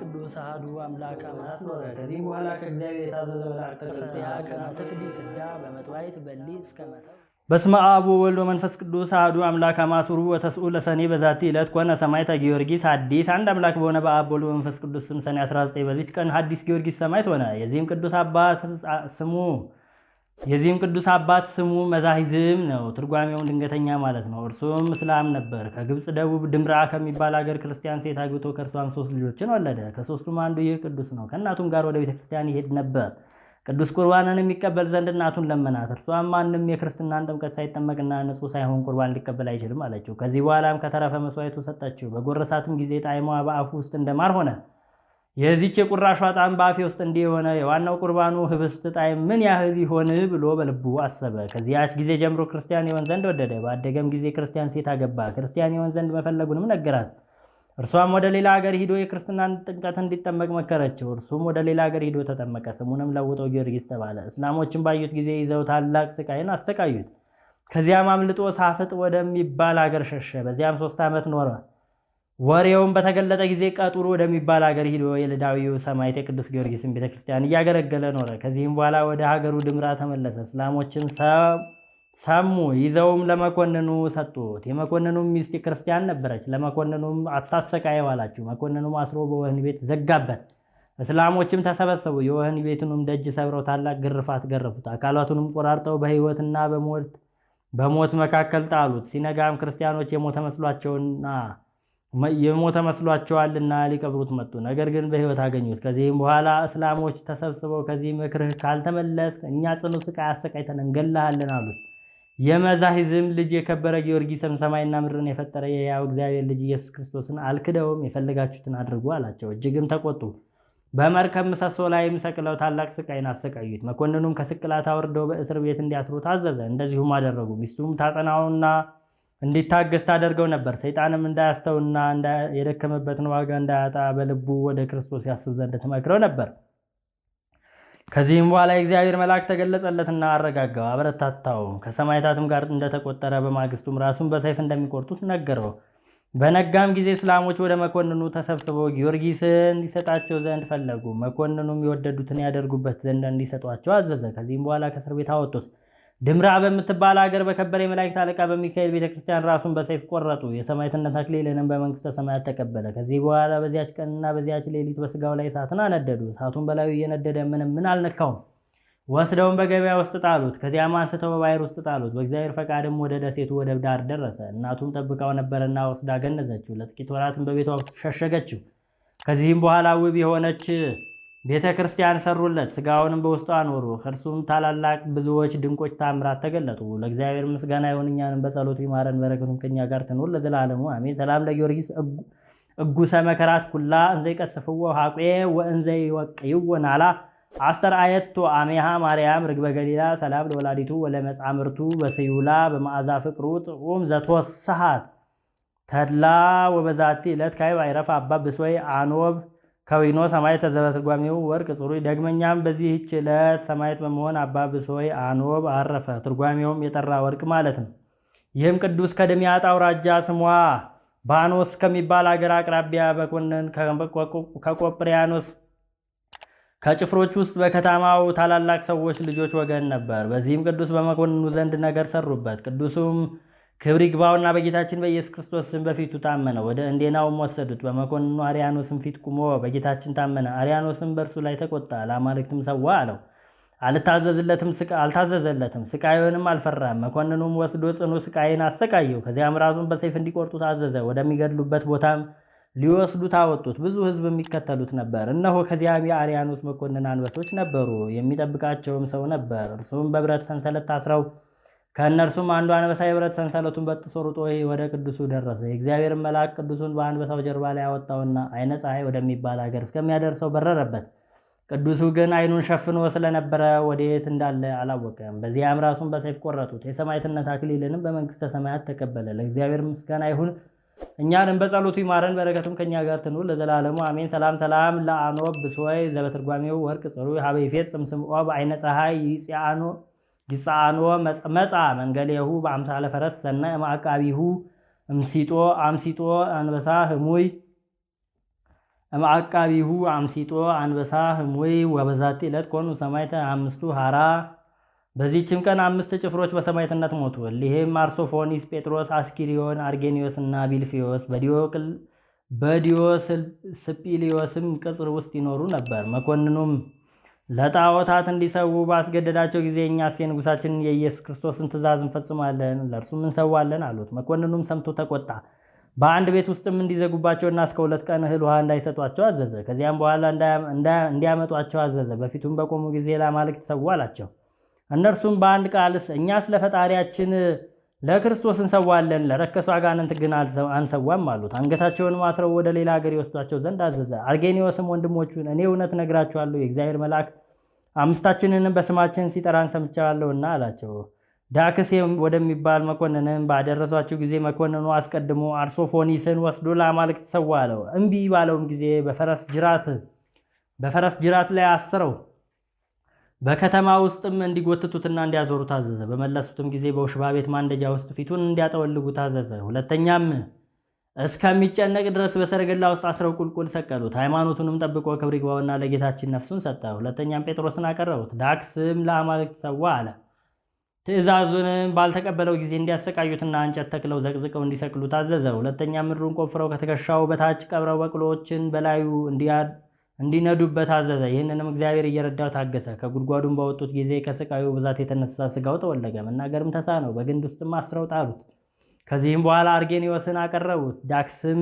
ቅዱስ አህዱ አምላክ አማት ኖረ። ከዚህ በኋላ ከእግዚአብሔር የታዘዘ መልአክ ተቀርጽያ ከናተ ፍዲት ዳ በመጥዋይት በሊ እስከ መታ በስመ አብ ወወልድ ወመንፈስ ቅዱስ አሐዱ አምላክ አማስሩ ወተስኡ ለሰኔ በዛቲ ዕለት ኮነ ሰማዕተ ጊዮርጊስ ሐዲስ። አንድ አምላክ በሆነ በአብ ወልድ መንፈስ ቅዱስ ስም ሰኔ 19 በዚች ቀን ሐዲስ ጊዮርጊስ ሰማዕት ሆነ። የዚህም ቅዱስ አባት ስሙ የዚህም ቅዱስ አባት ስሙ መዛሂዝም ነው። ትርጓሜውን ድንገተኛ ማለት ነው። እርሱም እስላም ነበር። ከግብፅ ደቡብ ድምራ ከሚባል ሀገር ክርስቲያን ሴት አግብቶ ከእርሷም ሶስት ልጆችን ወለደ። ከሶስቱም አንዱ ይህ ቅዱስ ነው። ከእናቱም ጋር ወደ ቤተክርስቲያን ይሄድ ነበር። ቅዱስ ቁርባንን የሚቀበል ዘንድ እናቱን ለመናት። እርሷም ማንም የክርስትናን ጥምቀት ሳይጠመቅና ንጹሕ ሳይሆን ቁርባን ሊቀበል አይችልም አለችው። ከዚህ በኋላም ከተረፈ መስዋዕቱ ሰጠችው። በጎረሳትም ጊዜ ጣዕሟ በአፉ ውስጥ እንደማር ሆነ። የዚች የቁራሿ ጣዕም በአፌ ውስጥ እንዲህ የሆነ የዋናው ቁርባኑ ህብስት ጣዕም ምን ያህል ይሆን ብሎ በልቡ አሰበ። ከዚያች ጊዜ ጀምሮ ክርስቲያን ይሆን ዘንድ ወደደ። ባደገም ጊዜ ክርስቲያን ሴት አገባ። ክርስቲያን ይሆን ዘንድ መፈለጉንም ነገራት። እርሷም ወደ ሌላ ሀገር ሂዶ የክርስትናን ጥምቀት እንዲጠመቅ መከረችው። እርሱም ወደ ሌላ ሀገር ሂዶ ተጠመቀ። ስሙንም ለውጦ ጊዮርጊስ ተባለ። እስላሞችን ባዩት ጊዜ ይዘው ታላቅ ስቃይን አሰቃዩት። ከዚያም አምልጦ ሳፍጥ ወደሚባል ሀገር ሸሸ። በዚያም ሶስት ዓመት ኖረ። ወሬውን በተገለጠ ጊዜ ቀጡር ወደሚባል ሀገር ሂዶ የልዳዊው ሰማዕት የቅዱስ ጊዮርጊስን ቤተክርስቲያን እያገለገለ ኖረ። ከዚህም በኋላ ወደ ሀገሩ ድምራ ተመለሰ። እስላሞችን ሰሙ፣ ይዘውም ለመኮንኑ ሰጡት። የመኮንኑም ሚስት ክርስቲያን ነበረች። ለመኮንኑም አታሰቃየ አላችሁ። መኮንኑም አስሮ በወህኒ ቤት ዘጋበት። እስላሞችም ተሰበሰቡ። የወህኒ ቤቱንም ደጅ ሰብረው ታላቅ ግርፋት ገረፉት። አካላቱንም ቆራርጠው በህይወትና በሞት በሞት መካከል ጣሉት። ሲነጋም ክርስቲያኖች የሞተ መስሏቸውና የሞተ መስሏቸዋልና ሊቀብሩት መጡ። ነገር ግን በህይወት አገኙት። ከዚህም በኋላ እስላሞች ተሰብስበው ከዚህ ምክርህ ካልተመለስ እኛ ጽኑ ስቃይ አሰቃይተን እንገላሃለን አሉት። የመዛሂዝም ልጅ የከበረ ጊዮርጊስም ሰማይና ምድርን የፈጠረ የያው እግዚአብሔር ልጅ ኢየሱስ ክርስቶስን አልክደውም፣ የፈለጋችሁትን አድርጉ አላቸው። እጅግም ተቆጡ። በመርከብ ምሰሶ ላይም ሰቅለው ታላቅ ስቃይን አሰቃዩት። መኮንኑም ከስቅላት አውርደው በእስር ቤት እንዲያስሩ ታዘዘ። እንደዚሁም አደረጉ። ሚስቱም ታጸናውና እንዲታገስ ታደርገው ነበር። ሰይጣንም እንዳያስተውና የደከመበትን ዋጋ እንዳያጣ በልቡ ወደ ክርስቶስ ያስብ ዘንድ ትመክረው ነበር። ከዚህም በኋላ የእግዚአብሔር መልአክ ተገለጸለትና አረጋጋው፣ አበረታታው። ከሰማዕታትም ጋር እንደተቆጠረ በማግስቱም ራሱን በሰይፍ እንደሚቆርጡት ነገረው። በነጋም ጊዜ እስላሞች ወደ መኮንኑ ተሰብስበው ጊዮርጊስን እንዲሰጣቸው ዘንድ ፈለጉ። መኮንኑም የወደዱትን ያደርጉበት ዘንድ እንዲሰጧቸው አዘዘ። ከዚህም በኋላ ከእስር ቤት አወጡት። ድምራ በምትባል ሀገር በከበረ የመላእክት አለቃ በሚካኤል ቤተክርስቲያን ራሱን በሰይፍ ቆረጡ። የሰማዕትነት አክሊልንም በመንግስተ ሰማያት ተቀበለ። ከዚህ በኋላ በዚያች ቀንና በዚያች ሌሊት በስጋው ላይ እሳትን አነደዱ። እሳቱን በላዩ እየነደደ ምንም ምን አልነካውም። ወስደውን በገበያ ውስጥ ጣሉት። ከዚያም አንስተው በባህር ውስጥ ጣሉት። በእግዚአብሔር ፈቃድም ወደ ደሴቱ ወደብ ዳር ደረሰ። እናቱም ጠብቃው ነበረና ወስዳ ገነዘችው። ለጥቂት ወራትም በቤቷ ውስጥ ሸሸገችው። ከዚህም በኋላ ውብ የሆነች ቤተ ክርስቲያን ሰሩለት፣ ስጋውንም በውስጡ አኖሩ። ከእርሱም ታላላቅ ብዙዎች ድንቆች ታምራት ተገለጡ። ለእግዚአብሔር ምስጋና ይሁን፣ እኛንም በጸሎቱ ይማረን፣ በረከቱም ከኛ ጋር ትኑር ለዘላለሙ አሜን። ሰላም ለጊዮርጊስ እጉሰ መከራት ኩላ እንዘይ ቀስፍዎ ሀቁየ ወእንዘ ይወቅይዎ አስተር አየቶ አሜሃ ማርያም ርግበ ገሊላ ሰላም ለወላዲቱ ወለመጻምርቱ በስዩላ በማዕዛ ፍቅሩ ጥዑም ዘተወሰሃት ተድላ ወበዛቲ ዕለት ካዕብ አይረፍ አባ አኖብ ከዊኖ ሰማዕት ተዘበትርጓሜው ወርቅ ጽሩይ። ደግመኛም በዚህች ዕለት ሰማዕት በመሆን አባ ብሶይ አኖብ አረፈ። ትርጓሜውም የጠራ ወርቅ ማለት ነው። ይህም ቅዱስ ከደሚያጣ አውራጃ ስሟ ባኖስ ከሚባል አገር አቅራቢያ በኮንን ከቆጵሪያኖስ ከጭፍሮች ውስጥ በከተማው ታላላቅ ሰዎች ልጆች ወገን ነበር። በዚህም ቅዱስ በመኮንኑ ዘንድ ነገር ሰሩበት። ቅዱሱም ክብር ይግባውና በጌታችን በኢየሱስ ክርስቶስ ስም በፊቱ ታመነ። ወደ እንዴናውም ወሰዱት። በመኮንኑ አርያኖስም ፊት ቁሞ በጌታችን ታመነ። አርያኖስም በእርሱ ላይ ተቆጣ። ለአማልክትም ሰዋ አለው። አልታዘዘለትም። ስቃዩንም አልፈራም። መኮንኑም ወስዶ ጽኑ ስቃይን አሰቃየው። ከዚያም ራሱን በሰይፍ እንዲቆርጡት አዘዘ። ወደሚገድሉበት ቦታም ሊወስዱ ታወጡት ብዙ ሕዝብ የሚከተሉት ነበር። እነሆ ከዚያም የአርያኖስ መኮንን አንበሶች ነበሩ። የሚጠብቃቸውም ሰው ነበር። እርሱም በብረት ሰንሰለት ታስረው ከእነርሱም አንዱ አንበሳ የብረት ሰንሰለቱን በጥሶ ሩጦ ወደ ቅዱሱ ደረሰ። የእግዚአብሔር መልአክ ቅዱሱን በአንበሳው ጀርባ ላይ አወጣውና አይነ ፀሐይ ወደሚባል ሀገር እስከሚያደርሰው በረረበት። ቅዱሱ ግን አይኑን ሸፍኖ ስለነበረ ወዴት እንዳለ አላወቀም። በዚያም ራሱን በሰይፍ ቆረጡት። የሰማዕትነት አክሊልንም በመንግስተ ሰማያት ተቀበለ። ለእግዚአብሔር ምስጋና ይሁን፣ እኛንም በጸሎቱ ይማረን፣ በረከቱም ከእኛ ጋር ትኑር ለዘላለሙ አሜን። ሰላም ሰላም ለአኖ ብሶይ ዘበትርጓሜው ወርቅ ጽሩ ሀበይፌት ይፌት ጽምስምኦ ፀሐይ ይጽአኖ ጊጻኖ መጻ መንገሌሁ በአምሳለ ፈረስ ሰናይ ማዕቃቢሁ እምሲጦ አምሲጦ አንበሳ ህሙይ ማዕቃቢሁ አምሲጦ አንበሳ ህሙይ ወበዛቲ ዕለት ኮኑ ሰማዕተ አምስቱ ሃራ በዚህችም ቀን አምስት ጭፍሮች በሰማዕትነት ሞቱ። እሊህም አርሶፎኒስ፣ ጴጥሮስ፣ አስኪሪዮን፣ አርጌኒዮስ እና ቢልፊዮስ በዲዮስ ስጲሊዮስም ቅጽር ውስጥ ይኖሩ ነበር። መኮንኑም ለጣዖታት እንዲሰዉ ባስገደዳቸው ጊዜ እኛስ የንጉሳችንን የኢየሱስ ክርስቶስን ትእዛዝ እንፈጽማለን፣ ለእርሱም እንሰዋለን አሉት። መኮንኑም ሰምቶ ተቆጣ። በአንድ ቤት ውስጥም እንዲዘጉባቸውና እስከ ሁለት ቀን እህል ውሃ እንዳይሰጧቸው አዘዘ። ከዚያም በኋላ እንዲያመጧቸው አዘዘ። በፊቱም በቆሙ ጊዜ ለአማልክት ሰዉ አላቸው። እነርሱም በአንድ ቃልስ እኛስ ለፈጣሪያችን ለክርስቶስ እንሰዋለን ለረከሱ አጋንንት ግን አንሰዋም አሉት። አንገታቸውንም አስረው ወደ ሌላ ሀገር ይወስዷቸው ዘንድ አዘዘ። አርጌኒዎስም ወንድሞቹን እኔ እውነት እነግራችኋለሁ የእግዚአብሔር መልአክ አምስታችንንም በስማችን ሲጠራን ሰምቻለሁና አላቸው። ዳክስ ወደሚባል መኮንንም ባደረሷቸው ጊዜ መኮንኑ አስቀድሞ አርሶፎኒስን ወስዶ ለአማልክት ሰዋ አለው። እምቢ ባለውም ጊዜ በፈረስ ጅራት ላይ አስረው በከተማ ውስጥም እንዲጎትቱትና እንዲያዞሩ ታዘዘ። በመለሱትም ጊዜ በውሽባ ቤት ማንደጃ ውስጥ ፊቱን እንዲያጠወልጉ ታዘዘ። ሁለተኛም እስከሚጨነቅ ድረስ በሰረገላ ውስጥ አስረው ቁልቁል ሰቀሉት። ሃይማኖቱንም ጠብቆ ክብር ይግባውና ለጌታችን ነፍሱን ሰጠ። ሁለተኛም ጴጥሮስን አቀረቡት። ዳክስም ለአማልክት ሰዋ አለ። ትእዛዙንም ባልተቀበለው ጊዜ እንዲያሰቃዩትና እንጨት ተክለው ዘቅዝቀው እንዲሰቅሉ ታዘዘ። ሁለተኛም ምድሩን ቆፍረው ከትከሻው በታች ቀብረው በቅሎችን በላዩ እንዲነዱበት አዘዘ። ይህንንም እግዚአብሔር እየረዳው ታገሰ። ከጉድጓዱን በወጡት ጊዜ ከስቃዩ ብዛት የተነሳ ስጋው ተወለገ፣ መናገርም ተሳነው። በግንድ ውስጥም አስረው ጣሉት። ከዚህም በኋላ አርጌኒዎስን አቀረቡት። ዳክስም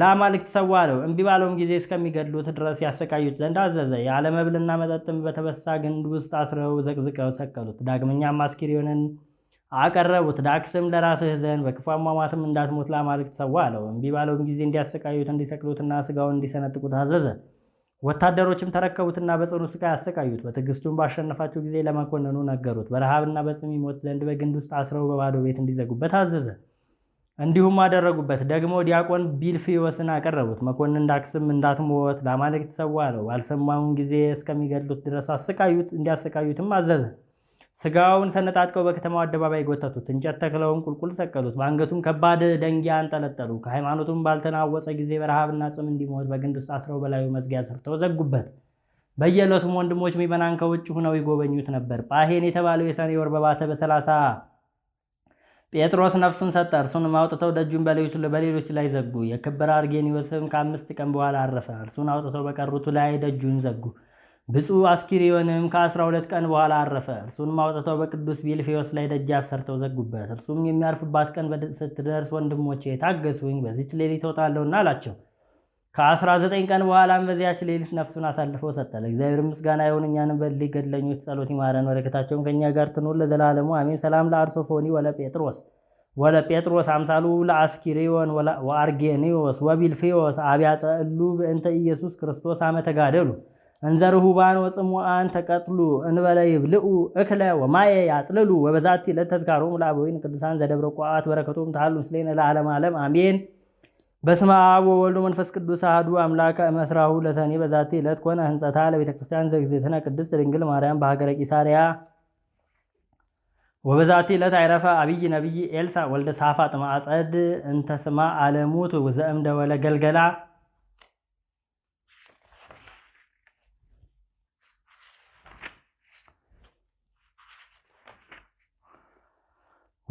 ለአማልክት ሰዋ አለው። እምቢ ባለውም ጊዜ እስከሚገድሉት ድረስ ያሰቃዩት ዘንድ አዘዘ። ያለመብልና መጠጥም በተበሳ ግንድ ውስጥ አስረው ዘቅዝቀው ሰቀሉት። ዳግመኛም አስኪሪዮንን አቀረቡት። ዳክስም ለራስህ ዘንድ በክፉ አሟሟትም እንዳትሞት ለአማልክት ሰዋ አለው። እምቢ ባለውም ጊዜ እንዲያሰቃዩት እንዲሰቅሉትና ስጋውን እንዲሰነጥቁት አዘዘ። ወታደሮችም ተረከቡትና በጽኑ ስቃይ አሰቃዩት። በትዕግስቱም ባሸነፋቸው ጊዜ ለመኮንኑ ነገሩት። በረሃብና በጽም ይሞት ዘንድ በግንድ ውስጥ አስረው በባዶ ቤት እንዲዘጉበት አዘዘ። እንዲሁም አደረጉበት። ደግሞ ዲያቆን ቢልፊዮስን አቀረቡት። መኮንን እንዳክስም እንዳትሞት ለአማልክት ሰዋ ነው። ባልሰማውን ጊዜ እስከሚገድሉት ድረስ አሰቃዩት። እንዲያሰቃዩትም አዘዘ። ስጋውን ሰነጣጥቀው በከተማው አደባባይ ጎተቱት፣ እንጨት ተክለውን ቁልቁል ሰቀሉት፣ በአንገቱም ከባድ ደንጊያ አንጠለጠሉ። ከሃይማኖቱም ባልተናወፀ ጊዜ በረሃብና ጽም እንዲሞት በግንድ ውስጥ አስረው በላዩ መዝጊያ ሰርተው ዘጉበት። በየዕለቱም ወንድሞች ምዕመናን ከውጭ ሁነው ይጎበኙት ነበር። ጳሄን የተባለው የሰኔ ወር በባተ በሰላሳ ጴጥሮስ ነፍሱን ሰጠ። እርሱንም አውጥተው ደጁን በሌሎች ላይ ዘጉ። የክብር አርጌኒዮስም ከአምስት ቀን በኋላ አረፈ። እርሱን አውጥተው በቀሩቱ ላይ ደጁን ዘጉ። ብፁዕ አስኪሪዮንም ከአስራ ሁለት ቀን በኋላ አረፈ። እርሱንም አውጥተው በቅዱስ ቢልፌዎስ ላይ ደጃፍ ሰርተው ዘጉበት። እርሱም የሚያርፍባት ቀን ስትደርስ ወንድሞቼ ታገሱኝ፣ በዚች ሌሊት እወጣለሁና አላቸው። ከአስራ ዘጠኝ ቀን በኋላም በዚያች ሌሊት ነፍሱን አሳልፎ ሰጠ። ለእግዚአብሔር ምስጋና ይሁን፣ እኛንም በእሊህ ገድለኞች ጸሎት ይማረን፣ በረከታቸውም ከእኛ ጋር ትኑር ለዘላለሙ አሜን። ሰላም ለአርሶፎኒ ወለ ጴጥሮስ ወለ ጴጥሮስ አምሳሉ ለአስኪሪዮን ወአርጌኔዎስ ወቢልፌዎስ አብያጸ እሉ በእንተ ኢየሱስ ክርስቶስ አመተጋደሉ እንዘርሁባን ወፅሙአን ተቀጥሉ እንበለ ይብልኡ እክለ ወማየ ያጥልሉ ወበዛቲ ለተዝካሮሙ ለአበዊን ቅዱሳን ዘደብረ ቋት በረከቶም ተሃሉ ምስሌነ ለዓለም ዓለም አሜን። በስመ አብ ወወልድ መንፈስ ቅዱስ አሐዱ አምላክ መስራሁ ለሰኔ በዛቲ ዕለት ኮነ ህንጸታ ለቤተ ዘግዝእትነ ቅድስት ድንግል ማርያም በሀገረ ቂሳርያ ወበዛቲ ዕለት አይረፈ አብይ ነቢይ ኤልሳ ወልደ ሳፋጥ ማዕጸድ እንተስማ አለሙት ዘእምደወለ ገልገላ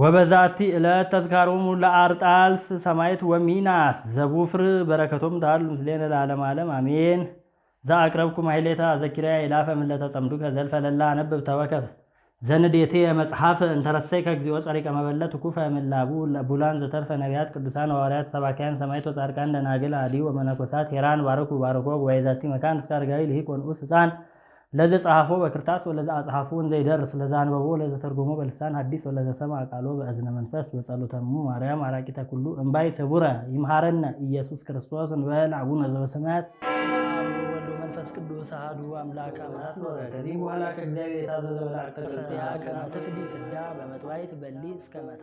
ወበዛቲ ዕለት ተዝካሮሙ ለአርጣልስ ሰማይት ወሚናስ ዘቡፍር በረከቶም ታሉ ምስሌነ ለዓለም ዓለም አሜን። ዘአቅረብኩም ኃይሌታ ዘኪርያ ይላፈ ምለተ ከዘልፈለላ ዘልፈለላ ተወከፍ ዘንዴቴ የመጽሐፍ እንተረሰይ ከግዚኦ ጸሪቀ መበለት ኩፈ ምላቡ ቡላን ዘተርፈ ነቢያት ቅዱሳን ሐዋርያት ሰባኪያን ሰማይት ወጻድቃን ደናግል አዲ ወመነኮሳት ሄራን ባረኩ ባረኮ ወይዛቲ መካን እስከ አርጋዊ ልሂቆን ህፃን ለዘ ጸሐፎ በክርታስ ወለዘ አጽሐፎ እንዘይደርስ ለዘ አንበቦ ለዘ ተርጎሞ በልሳን ሐዲስ ወለዘ ሰማ ቃሎ በእዝነ መንፈስ በጸሎተሙ ማርያም አራቂተ ኩሉ እምባይ ስቡረ ይምሃረነ ኢየሱስ ክርስቶስ እንበል። አቡነ ዘበሰማያት መንፈስ ቅዱስ አሐዱ አምላክ አማት ኖረ። ከዚህ በኋላ ከእግዚአብሔር የታዘዘ በላርተ ክርስቲያ ከመትፍዲ ትዳ በመጥዋይት በሊ እስከ መታ